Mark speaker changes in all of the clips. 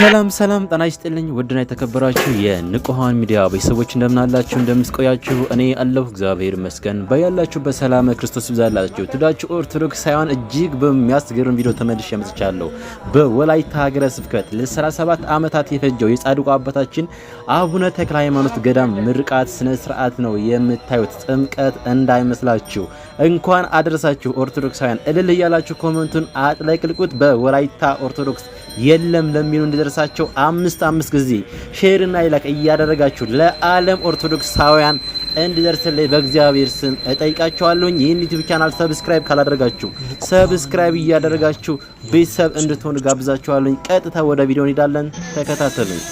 Speaker 1: ሰላም ሰላም ጤና ይስጥልኝ ውድና የተከበራችሁ የንቁሃን ሚዲያ ቤተሰቦች እንደምናላችሁ እንደምስቆያችሁ እኔ አለሁ እግዚአብሔር ይመስገን። በያላችሁ በሰላም ክርስቶስ ይብዛላችሁ። ትዳችሁ ኦርቶዶክስ ሳይሆን እጅግ በሚያስገርም ቪዲዮ ተመልሼ መጥቻለሁ። በወላይታ ሀገረ ስብከት ለ37 ዓመታት የፈጀው የጻድቁ አባታችን አቡነ ተክለ ሃይማኖት ገዳም ምርቃት ስነ ስርዓት ነው የምታዩት። ጥምቀት እንዳይመስላችሁ። እንኳን አደረሳችሁ ኦርቶዶክሳውያን እልል እያላችሁ ኮመንቱን አጥለቅልቁት። በወላይታ ኦርቶዶክስ የለም ለሚሉ እንዲደርስ እንዲደርሳቸው አምስት አምስት ጊዜ ሼርና ይላክ እያደረጋችሁ ለዓለም ኦርቶዶክሳውያን እንዲደርስልኝ በእግዚአብሔር ስም እጠይቃችኋለሁኝ። ይህን ዩቲዩብ ቻናል ሰብስክራይብ ካላደረጋችሁ ሰብስክራይብ እያደረጋችሁ ቤተሰብ እንድትሆን ጋብዛችኋለሁኝ። ቀጥታ ወደ ቪዲዮ እንሄዳለን። ተከታተሉኝ።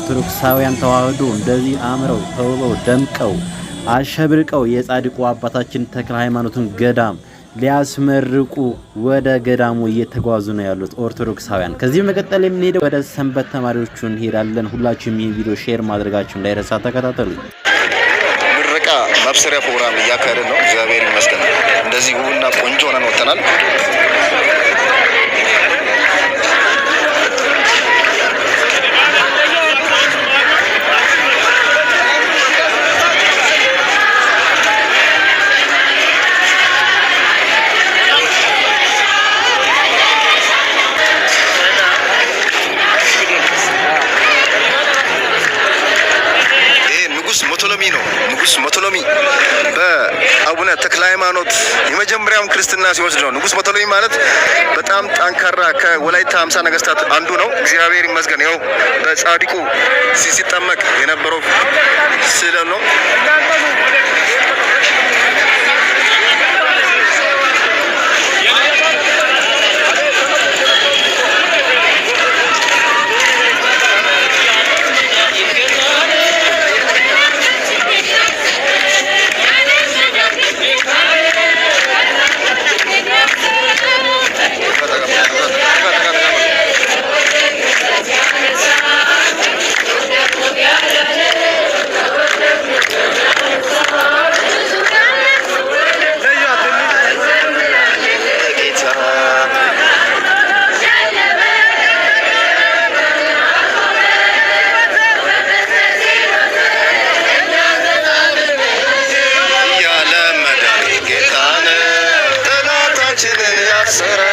Speaker 1: ኦርቶዶክሳውያን ተዋህዶ እንደዚህ አምረው ተውበው ደምቀው አሸብርቀው የጻድቁ አባታችን ተክለ ሃይማኖትን ገዳም ሊያስመርቁ ወደ ገዳሙ እየተጓዙ ነው ያሉት ኦርቶዶክሳውያን። ከዚህ መቀጠል የምንሄደው ወደ ሰንበት ተማሪዎቹ እንሄዳለን። ሁላችሁም ይህ ቪዲዮ ሼር ማድረጋችሁ እንዳይረሳ ተከታተሉ።
Speaker 2: ምረቃ ማብሰሪያ ፕሮግራም እያካሄደ ነው። እግዚአብሔር ይመስገን። እንደዚህ ውብና ቆንጆ ሆነን ወጥተናል። በጣም ክርስትና ሲወስድ ነው። ንጉስ በተለይ ማለት በጣም ጠንካራ ከወላይታ ሀምሳ ነገስታት አንዱ ነው። እግዚአብሔር ይመስገን። ያው በጻድቁ ሲጠመቅ የነበረው ስዕል ነው። Será?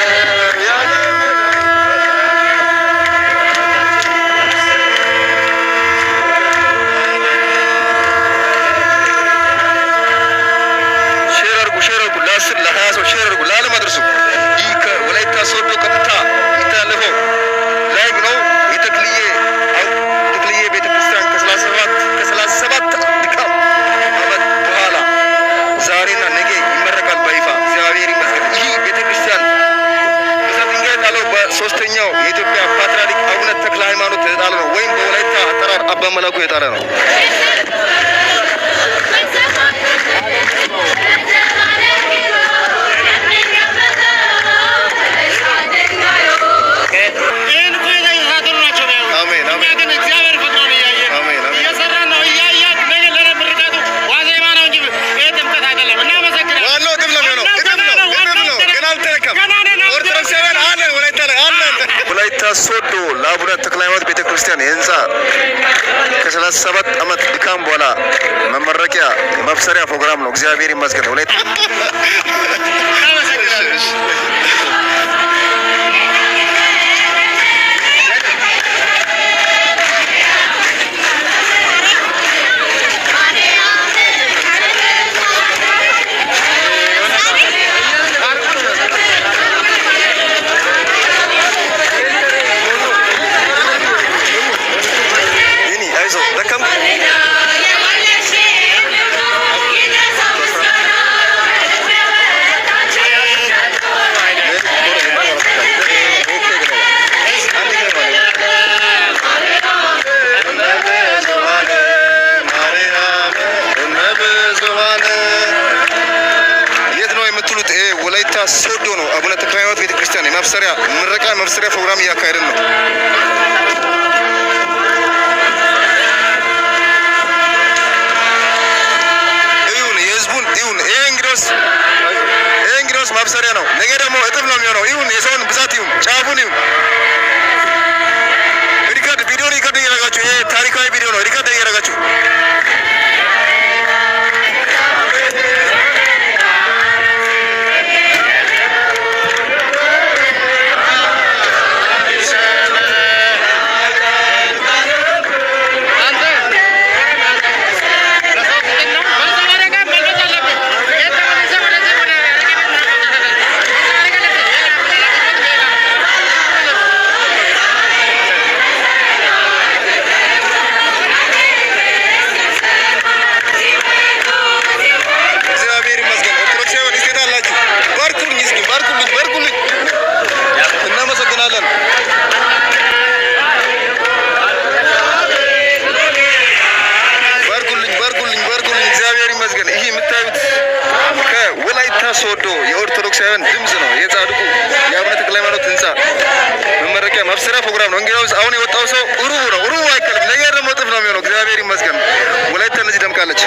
Speaker 2: እግዚአብሔር ይመስገን። 加油！ሆሳዕና ሶዶ የኦርቶዶክሳውያን ድምፅ ነው። የጻድቁ የአቡነ ተክለ ሃይማኖት ህንፃ መመረቂያ ማብሰሪያ ፕሮግራም ነው። እንግዲህ አሁን የወጣው ሰው እሩቡ ነው። ሩቡ አይቀርም። ለየር ደግሞ እጥፍ ነው የሚሆነው። እግዚአብሔር ይመስገን። ወላይታ እነዚህ ደምቃለች።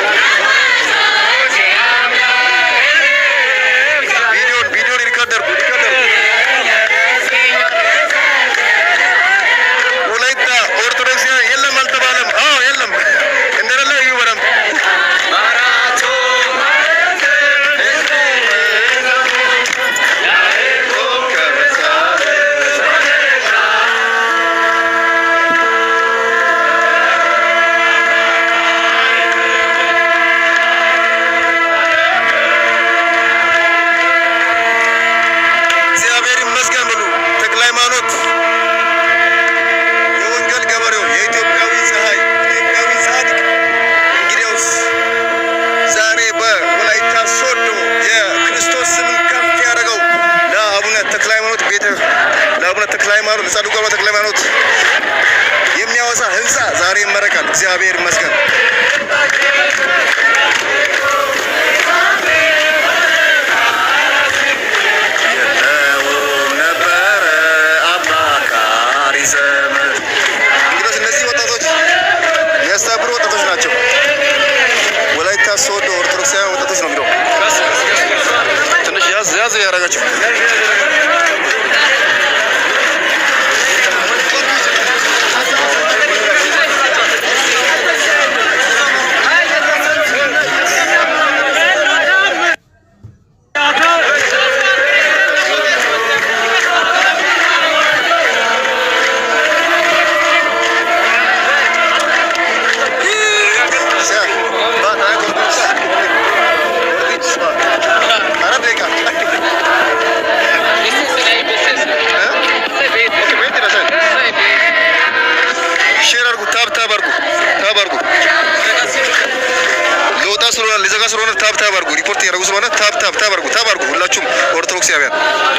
Speaker 2: ፍለጋ ስለሆነ ታብ ታብ አድርጉ። ሪፖርት እያደረጉ ስለሆነ ታብ ታብ ታብ አድርጉ። ታብ አድርጉ ሁላችሁም ኦርቶዶክሳውያን።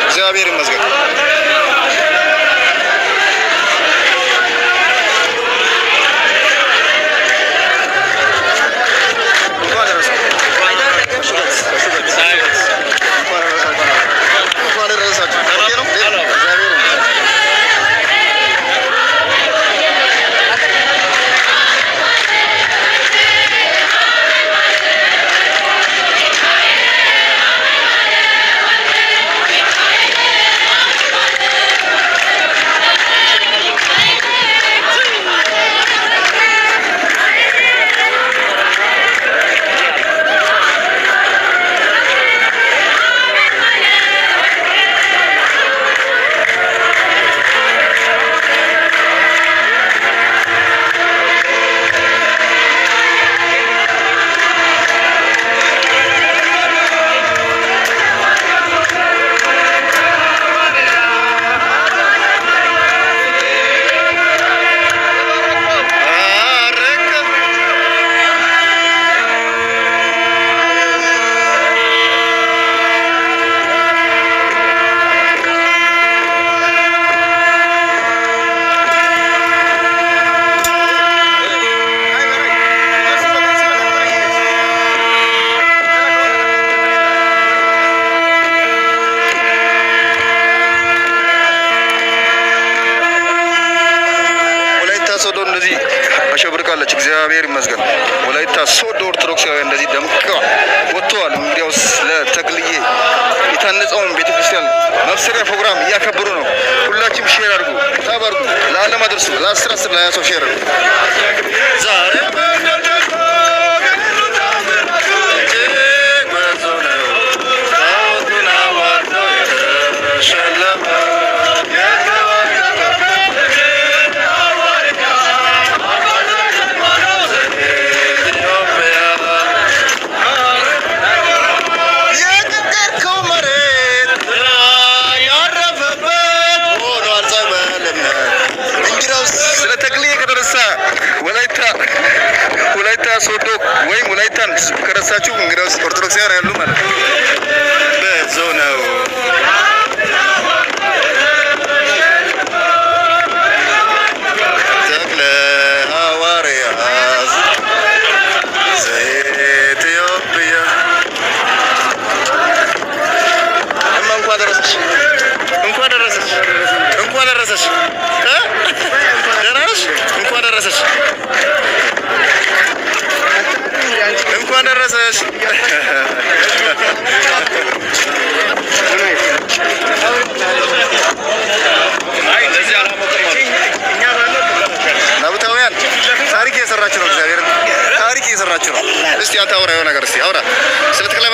Speaker 2: እግዚአብሔር ይመስገን። ተመስገን። ወላይታ ሶዶ ኦርቶዶክሳውያን እንደዚህ ደምቀዋል፣ ወጥተዋል። እንግዲያውስ ለተክልዬ የታነጸውን ቤተክርስቲያን መብሰሪያ ፕሮግራም እያከበሩ ነው። ሁላችሁም ሼር አድርጉ፣ ታብ አድርጉ፣ ለዓለም አድርሱ። ለአስር አስር ለሀያ ሰው ሼር አድርጉ። ሶዶ ወይም ወላይታን ከረሳችሁ እንግዲያውስ ኦርቶዶክሳውያን ያሉ ማለት ነው። እስቲ አንተ አውራ የሆነ ነገር እስቲ አውራ ስለ ተክለ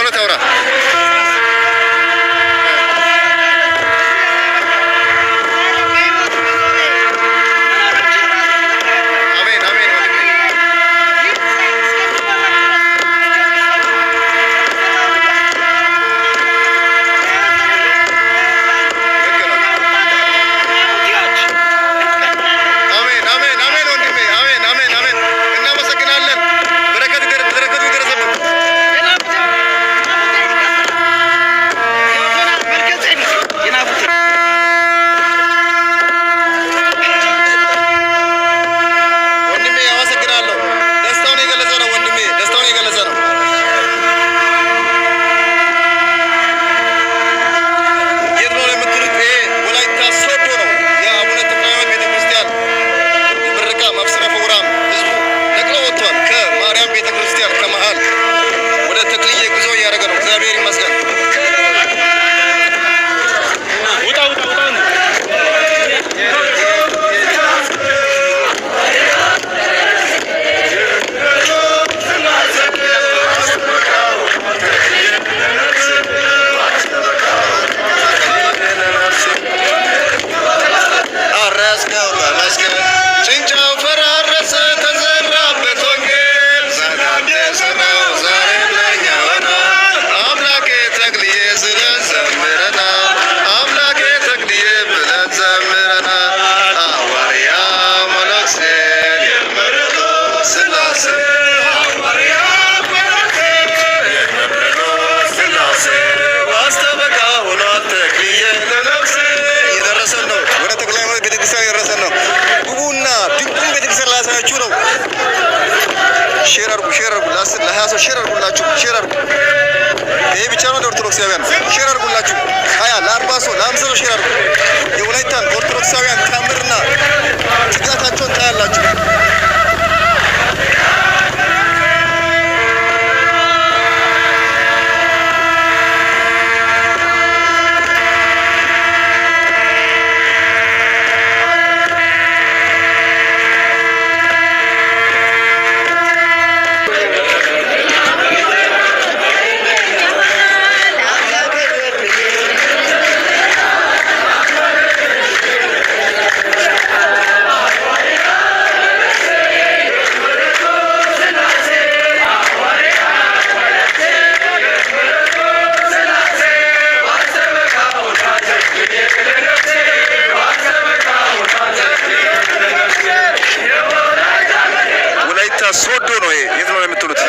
Speaker 2: severim. Gerard ነው ይሄ? የት ነው የምትሉት?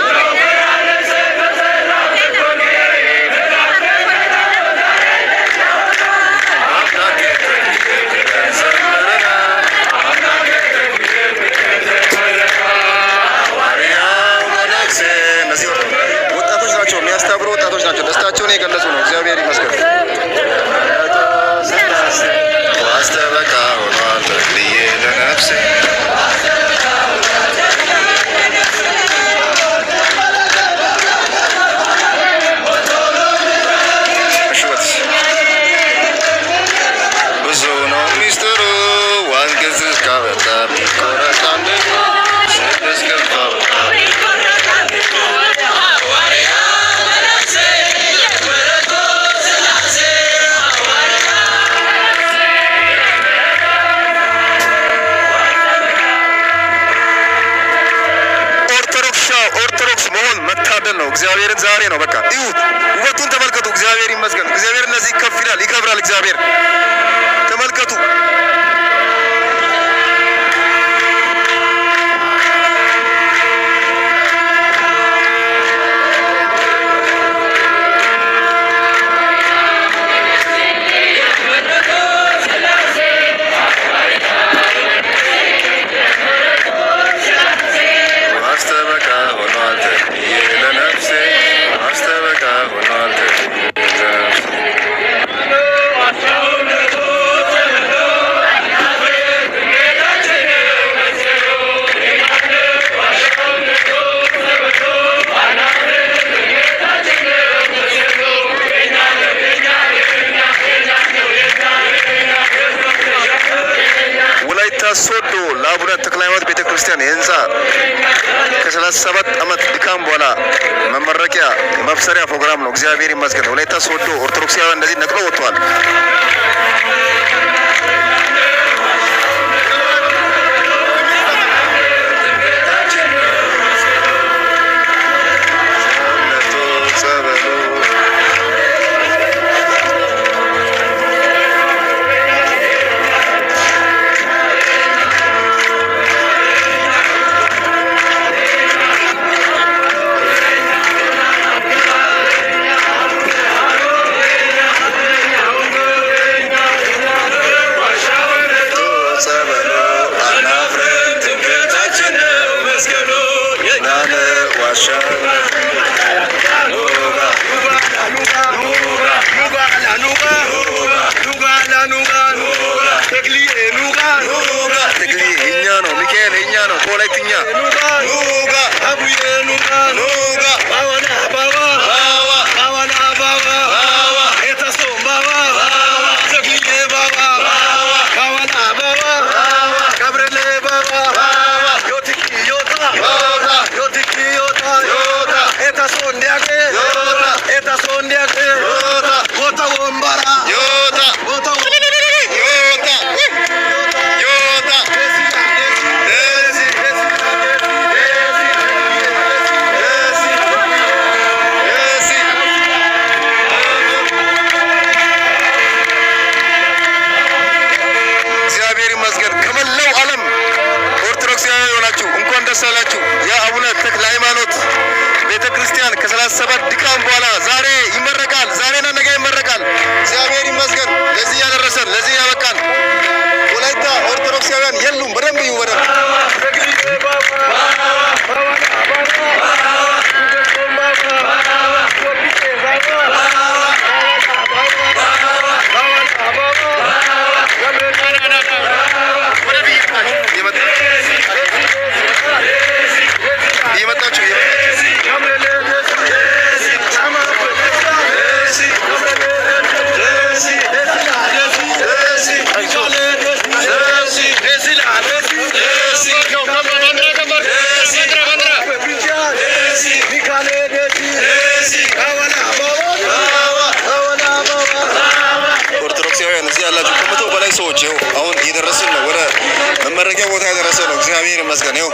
Speaker 2: መመረቂያ ቦታ የደረሰ ነው። እግዚአብሔር ይመስገን። ይኸው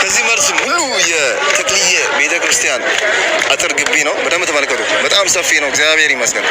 Speaker 2: ከዚህ መርስ ሙሉ የተክልዬ ቤተ ክርስቲያን አጥር ግቢ ነው። በደንብ ተመልከቱ። በጣም ሰፊ ነው። እግዚአብሔር ይመስገን።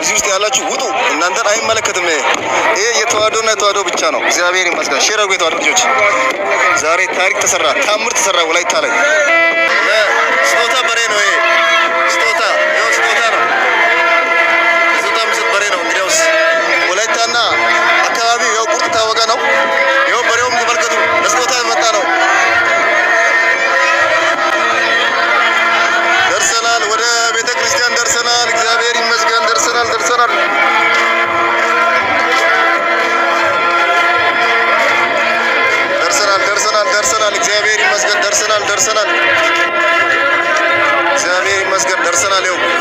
Speaker 2: ብዙ ውስጥ ያላችሁ ውጡ፣ እናንተን አይመለከትም። ይሄ የተዋህዶና የተዋደው ብቻ ነው። እግዚአብሔር ይመስገን። ሼር የተዋደው ልጆች። ዛሬ ታሪክ ተሰራ፣ ታምር ተሰራ። ወላይታ ላይ ስጦታ በሬ ነው። ደርሰናል። እግዚአብሔር ይመስገን ደርሰናል። ይኸው